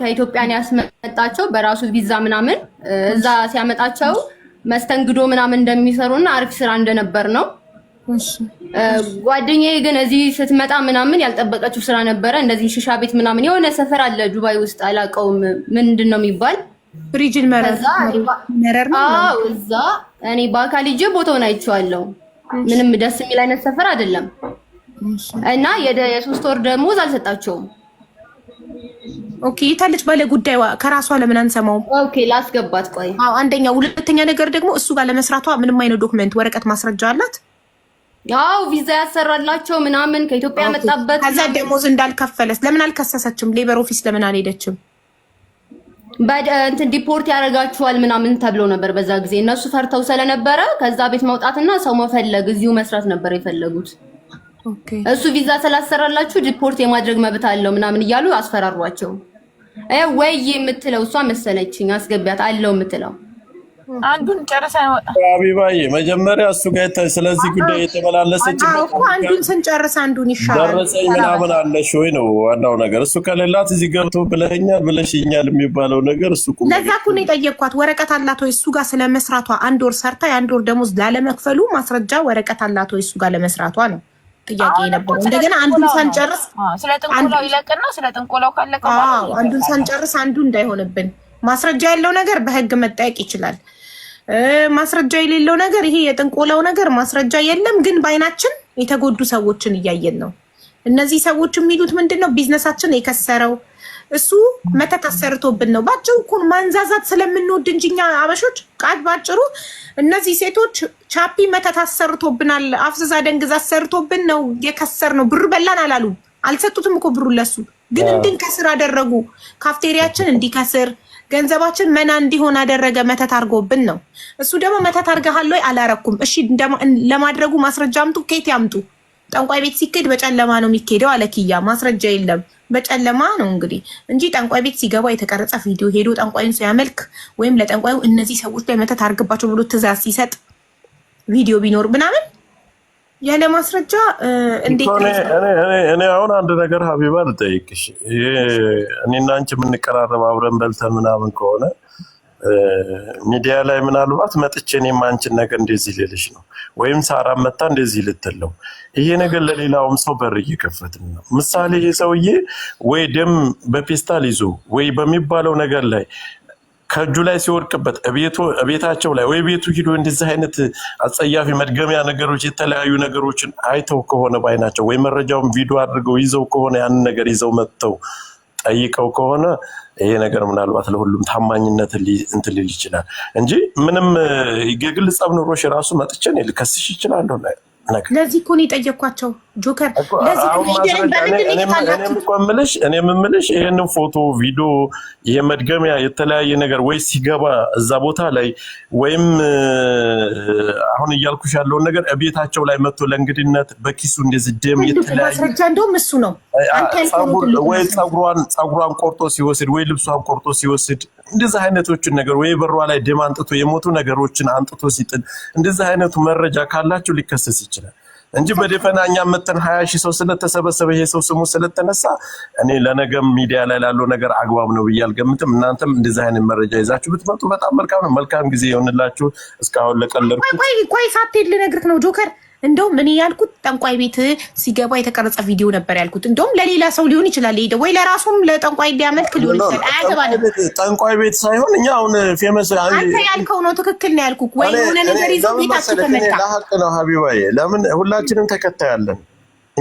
ከኢትዮጵያን ያስመጣቸው በራሱ ቪዛ ምናምን እዛ ሲያመጣቸው መስተንግዶ ምናምን እንደሚሰሩና አሪፍ ስራ እንደነበር ነው። ጓደኛዬ ግን እዚህ ስትመጣ ምናምን ያልጠበቀችው ስራ ነበረ። እንደዚህ ሽሻ ቤት ምናምን የሆነ ሰፈር አለ ዱባይ ውስጥ አላውቀውም፣ ምንድን ነው የሚባል ብሪጅን መረር እዛ እኔ በአካል ሂጄ ቦታውን አይቼዋለሁ። ምንም ደስ የሚል አይነት ሰፈር አይደለም እና የሶስት ወር ደሞዝ አልሰጣቸውም። ኦኬ የታለች ባለ ጉዳይዋ ከራሷ ለምን አንሰማውም? ኦኬ ላስገባት። ቆይ አዎ፣ አንደኛ። ሁለተኛ ነገር ደግሞ እሱ ጋር ለመስራቷ ምንም አይነት ዶክመንት፣ ወረቀት፣ ማስረጃ አላት። ያው ቪዛ ያሰራላቸው ምናምን ከኢትዮጵያ መጣበት። ከዛ ደሞዝ እንዳልከፈለስ ለምን አልከሰሰችም? ሌበር ኦፊስ ለምን አልሄደችም? እንትን ዲፖርት ያደርጋችኋል ምናምን ተብሎ ነበር በዛ ጊዜ እነሱ ፈርተው ስለነበረ ከዛ ቤት መውጣትና ሰው መፈለግ እዚሁ መስራት ነበር የፈለጉት። እሱ ቪዛ ስላሰራላችሁ ዲፖርት የማድረግ መብት አለው ምናምን እያሉ አስፈራሯቸው። ወይ የምትለው እሷ መሰለችኝ። አስገቢያት አለው የምትለው አንዱን ጨርሰን ወጣ። አቢባዬ መጀመሪያ እሱ ጋር ስለዚህ ጉዳይ የተመላለሰች እኮ አንዱን ስንጨርስ አንዱን ይሻላል ደረሰኝ ምናምን አለሽ ወይ ነው ዋናው ነገር። እሱ ከሌላት እዚህ ገብቶ ብለኸኛል ብለሽኛል የሚባለው ነገር እሱ ቁም። ለዛ እኮ ነው የጠየቅኳት። ወረቀት አላት ወይ እሱ ጋር ስለመስራቷ፣ አንድ ወር ሰርታ የአንድ ወር ደሞዝ ላለመክፈሉ ማስረጃ ወረቀት አላት ወይ እሱ ጋር ለመስራቷ ነው። ጥያቄ ነበረው። እንደገና አንዱን ሳንጨርስ ስለ ጥንቆላው ይለቅና ስለ ጥንቆላው ካለቀ አንዱን ሳንጨርስ አንዱ እንዳይሆንብን ማስረጃ ያለው ነገር በህግ መጠየቅ ይችላል። ማስረጃ የሌለው ነገር ይሄ የጥንቆላው ነገር ማስረጃ የለም፣ ግን በአይናችን የተጎዱ ሰዎችን እያየን ነው። እነዚህ ሰዎች የሚሉት ምንድን ነው? ቢዝነሳችን የከሰረው እሱ መተት አሰርቶብን ነው። ባጭሩ እኮን ማንዛዛት ስለምንወድ እንጂ እኛ አበሾች ቃል ባጭሩ እነዚህ ሴቶች ቻፒ መተት አሰርቶብናል፣ አፍዝዛ ደንግዛ አሰርቶብን ነው የከሰር ነው። ብር በላን አላሉ፣ አልሰጡትም እኮ ብሩ ለሱ ግን እንድንከስር አደረጉ። ካፍቴሪያችን እንዲከስር ገንዘባችን መና እንዲሆን አደረገ። መተት አድርጎብን ነው። እሱ ደግሞ መተት አድርገሃል ወይ አላረኩም? እሺ ለማድረጉ ማስረጃ አምጡ። ኬት ያምጡ። ጠንቋይ ቤት ሲኬድ በጨለማ ነው የሚኬደው አለክያ ማስረጃ የለም በጨለማ ነው እንግዲህ እንጂ ጠንቋይ ቤት ሲገባ የተቀረጸ ቪዲዮ ሄዶ ጠንቋይን ሲያመልክ ወይም ለጠንቋዩ እነዚህ ሰዎች ላይ መተት አድርግባቸው ብሎ ትእዛዝ ሲሰጥ ቪዲዮ ቢኖር ምናምን ያለ ማስረጃ እንዴት? እኔ አሁን አንድ ነገር ሀቢባ ልጠይቅሽ። እኔና አንቺ የምንቀራረብ አብረን በልተን ምናምን ከሆነ ሚዲያ ላይ ምናልባት መጥቼ እኔም አንቺን ነገር እንደዚህ ልልሽ ነው ወይም ሳራ መታ እንደዚህ ልትለው ይሄ ነገር ለሌላውም ሰው በር እየከፈትን ነው። ምሳሌ ይሄ ሰውዬ ወይ ደም በፔስታል ይዞ ወይ በሚባለው ነገር ላይ ከእጁ ላይ ሲወድቅበት ቤታቸው ላይ ወይ ቤቱ ሂዶ እንደዚህ አይነት አጸያፊ መድገሚያ ነገሮች የተለያዩ ነገሮችን አይተው ከሆነ ባይናቸው ወይ መረጃውን ቪዲዮ አድርገው ይዘው ከሆነ ያንን ነገር ይዘው መጥተው ጠይቀው ከሆነ ይሄ ነገር ምናልባት ለሁሉም ታማኝነት እንትልል ይችላል እንጂ ምንም የግል ጸብ ኑሮሽ ራሱ መጥቼ ልከስሽ ይችላለሁ። ለዚህ እኮ ነው የጠየኳቸው። ጆከር ምልሽ እኔ የምምልሽ ይህንን ፎቶ ቪዲዮ፣ ይሄ የተለያየ ነገር ወይ ሲገባ እዛ ቦታ ላይ ወይም አሁን እያልኩሽ ያለውን ነገር ቤታቸው ላይ መጥቶ ለእንግድነት በኪሱ እንደዚህ ደም የተለያየ እንደውም እሱ ነው ወይ ፀጉሯን ቆርጦ ሲወስድ ወይ ልብሷን ቆርጦ ሲወስድ እንደዚህ አይነቶችን ነገር ወይ በሯ ላይ ደም አንጥቶ የሞቱ ነገሮችን አንጥቶ ሲጥል እንደዚህ አይነቱ መረጃ ካላችሁ ሊከሰስ ይችላል እንጂ በደፈና እኛ መተን ሀያ ሺህ ሰው ስለተሰበሰበ ይሄ ሰው ስሙ ስለተነሳ እኔ ለነገም ሚዲያ ላይ ላለው ነገር አግባብ ነው ብዬ አልገምትም። እናንተም እንደዚህ አይነት መረጃ ይዛችሁ ብትመጡ በጣም መልካም ነው። መልካም ጊዜ የሆንላችሁ። እስካሁን ለቀለድኩ ቆይ ቆይ ሳትሄድ ልነግርህ ነው ጆከር እንደውም እኔ ያልኩት ጠንቋይ ቤት ሲገባ የተቀረጸ ቪዲዮ ነበር ያልኩት። እንደውም ለሌላ ሰው ሊሆን ይችላል ሄደ ወይ ለራሱም ለጠንቋይ ሊያመልክ ሊሆን ይችላል። አያገባንም። ጠንቋይ ቤት ሳይሆን እኛ አሁን ፌመስ አንተ ያልከው ነው ትክክል ነው ያልኩት። ወይ የሆነ ነገር ይዘው ቤታችሁ ተመጣ ለሀቅ ነው ሀቢባዬ። ለምን ሁላችንም ተከታያለን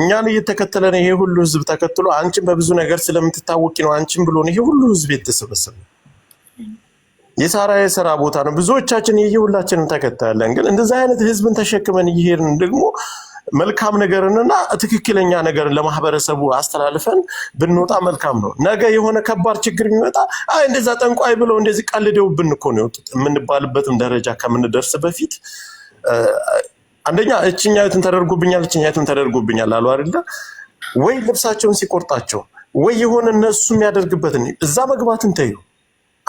እኛን እየተከተለን ይሄ ሁሉ ህዝብ ተከትሎ አንቺን በብዙ ነገር ስለምትታወቂ ነው አንቺን ብሎ ይሄ ሁሉ ህዝብ የተሰበሰበ የሳራ የስራ ቦታ ነው። ብዙዎቻችን የየሁላችንን ተከታያለን። ግን እንደዛ አይነት ህዝብን ተሸክመን እየሄድን ደግሞ መልካም ነገርንና ትክክለኛ ነገርን ለማህበረሰቡ አስተላልፈን ብንወጣ መልካም ነው። ነገ የሆነ ከባድ ችግር የሚመጣ አይ እንደዛ ጠንቋይ ብለው እንደዚህ ቀልደውብን እኮ ነው የወጡት የምንባልበትም ደረጃ ከምንደርስ በፊት አንደኛ እችኛዊትን ተደርጎብኛል፣ እችኛዊትን ተደርጎብኛል አሉ አይደለ ወይ ልብሳቸውን ሲቆርጣቸው ወይ የሆነ እነሱ የሚያደርግበትን እዛ መግባትን ተይው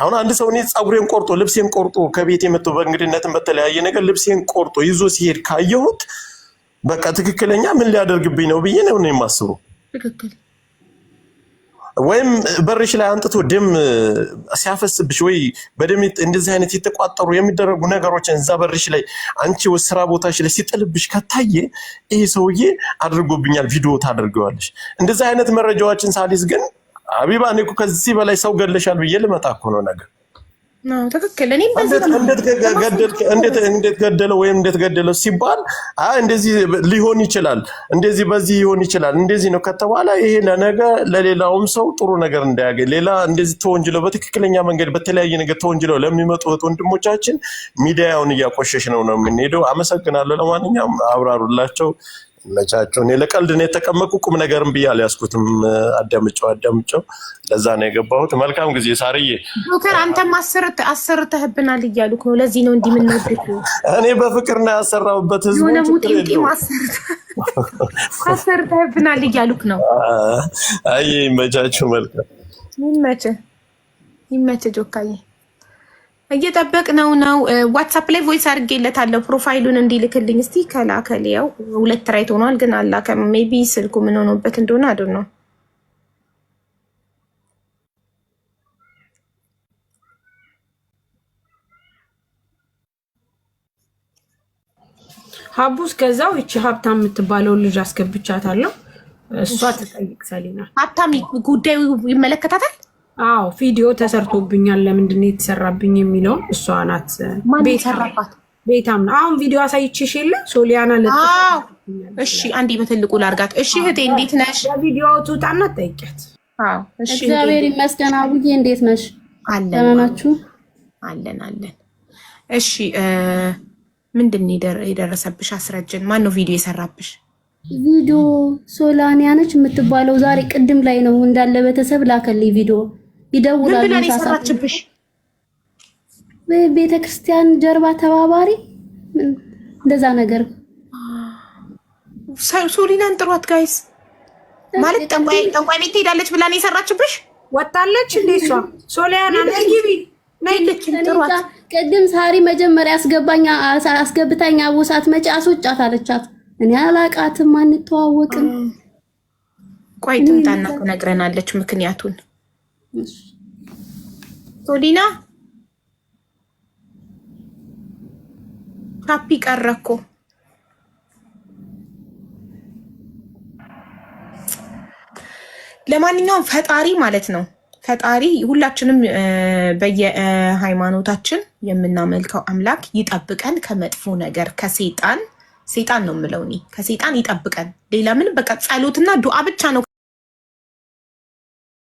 አሁን አንድ ሰው እኔ ፀጉሬን ቆርጦ ልብሴን ቆርጦ ከቤት የመጥቶ በእንግድነትን በተለያየ ነገር ልብሴን ቆርጦ ይዞ ሲሄድ ካየሁት በቃ ትክክለኛ ምን ሊያደርግብኝ ነው ብዬ ነው የማስበው። ወይም በርሽ ላይ አንጥቶ ደም ሲያፈስብሽ ወይ በደም እንደዚህ አይነት የተቋጠሩ የሚደረጉ ነገሮችን እዛ በርሽ ላይ አንቺ ስራ ቦታሽ ላይ ሲጥልብሽ ከታየ ይሄ ሰውዬ አድርጎብኛል ቪዲዮ ታደርገዋለሽ። እንደዚህ አይነት መረጃዎችን ሳሊስ ግን አቢባ እኔ እኮ ከዚህ በላይ ሰው ገለሻል ብዬ ልመጣ እኮ ነው ነገር እንዴት ገደለው ወይም እንዴት ገደለው ሲባል እንደዚህ ሊሆን ይችላል፣ እንደዚህ በዚህ ሊሆን ይችላል፣ እንደዚህ ነው ከተባለ ይሄ ለነገ ለሌላውም ሰው ጥሩ ነገር እንዳያገኝ ሌላ እንደዚህ ተወንጅለው በትክክለኛ መንገድ በተለያየ ነገር ተወንጅለው ለሚመጡት ወንድሞቻችን ሚዲያውን እያቆሸሽ ነው ነው የምንሄደው። አመሰግናለሁ። ለማንኛውም አብራሩላቸው። ይመቻችሁ። እኔ ለቀልድ ነው የተቀመጥኩ ቁም ነገርም ብዬ አልያዝኩትም። አዳምጨው አዳምጨው፣ ለዛ ነው የገባሁት። መልካም ጊዜ ሳርዬ። ዶክተር አንተም አሰርተህብናል እያሉ ነው። ለዚህ ነው እንዲህ የምንወድቅ። እኔ በፍቅር ነው ያሰራሁበት ህዝቡ አሰርተህብናል እያሉክ ነው። አይ ይመቻችሁ። መልካም ይመችህ፣ ይመችህ ጆካዬ። እየጠበቅ ነው ነው ዋትሳፕ ላይ ቮይስ አድርጌለታለሁ ፕሮፋይሉን እንዲልክልኝ እስቲ ከላከል ያው ሁለት ራይት ሆኗል ግን አላከም ቢ ስልኩ ምን ሆኖበት እንደሆነ አዱ ነው ሀቡስ ከዛው ይቺ ሀብታም የምትባለውን ልጅ አስገብቻታለሁ እሷ ትጠይቅ ሰሊና ሀብታም ጉዳዩ ይመለከታታል አዎ ቪዲዮ ተሰርቶብኛል፣ ለምንድን ነው የተሰራብኝ የሚለውን እሷ ናት ቤተሰራባት ቤታም ነው። አሁን ቪዲዮ አሳይቼሽ የለ ሶሊያና ለ እሺ፣ አንዴ በትልቁ ላርጋት። እሺ እህቴ እንዴት ነሽ? ቪዲዮ ትውጣና ጠይቂያት። እግዚአብሔር ይመስገን። አቡዬ እንዴት ነሽ? ደህና ናችሁ? አለን አለን። እሺ ምንድን የደረሰብሽ አስረጅን። ማን ነው ቪዲዮ የሰራብሽ? ቪዲዮ ሶላኒያ ነች የምትባለው። ዛሬ ቅድም ላይ ነው እንዳለ ቤተሰብ ላከልኝ ቪዲዮ ይደውላሉ። ሳሳችብሽ ቤተ ክርስቲያን ጀርባ ተባባሪ እንደዛ ነገር ሶሊናን ጥሯት ጋይስ። ማለት ጠንቋይ ጠንቋይ ቤት ትሄዳለች ብላ ነው የሰራችብሽ። ወጣለች እንዴ እሷ ሶሊያና ነጊቢ ቅድም ሳሪ መጀመሪያ አስገባኝ አስገብታኛ ውሳት መጪ አስወጫት አለቻት። እኔ አላቃትም አንተዋወቅም። ቆይ ትምጣና ትነግረናለች ምክንያቱን ሶሊና ካፒ ቀረ እኮ ለማንኛውም ፈጣሪ ማለት ነው። ፈጣሪ ሁላችንም በየሃይማኖታችን የምናመልከው አምላክ ይጠብቀን ከመጥፎ ነገር ከሴጣን ሴጣን ነው የምለው እኔ ከሴጣን ይጠብቀን። ሌላ ምንም በቃ ጸሎትና ዱዓ ብቻ ነው